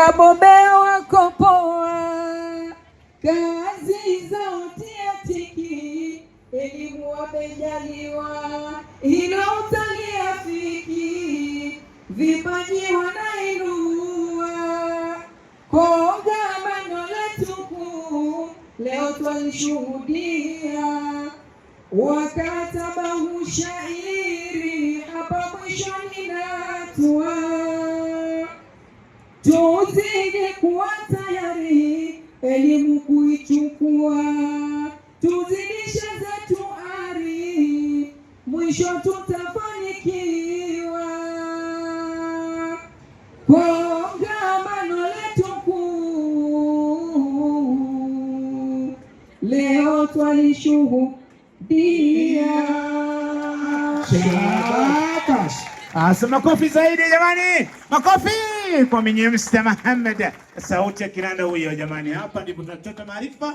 Kabobea wako poa, kazi za utiatiki, elimu wamejaliwa, ilo utaliafiki, vipaji wanainua, konga bano tuku leo twalishuhudia wakata tuzidi kuwa tayari elimu kuichukua, tuzidishe zetu ari, mwisho tutafanikiwa. Kongamano letu kuu leo twalishuhudia Asa ah, makofi zaidi jamani, makofi kwa Mnyemsta Muhammad, sauti ya kiranda huyo jamani. Hapa ndipo tunachota maarifa.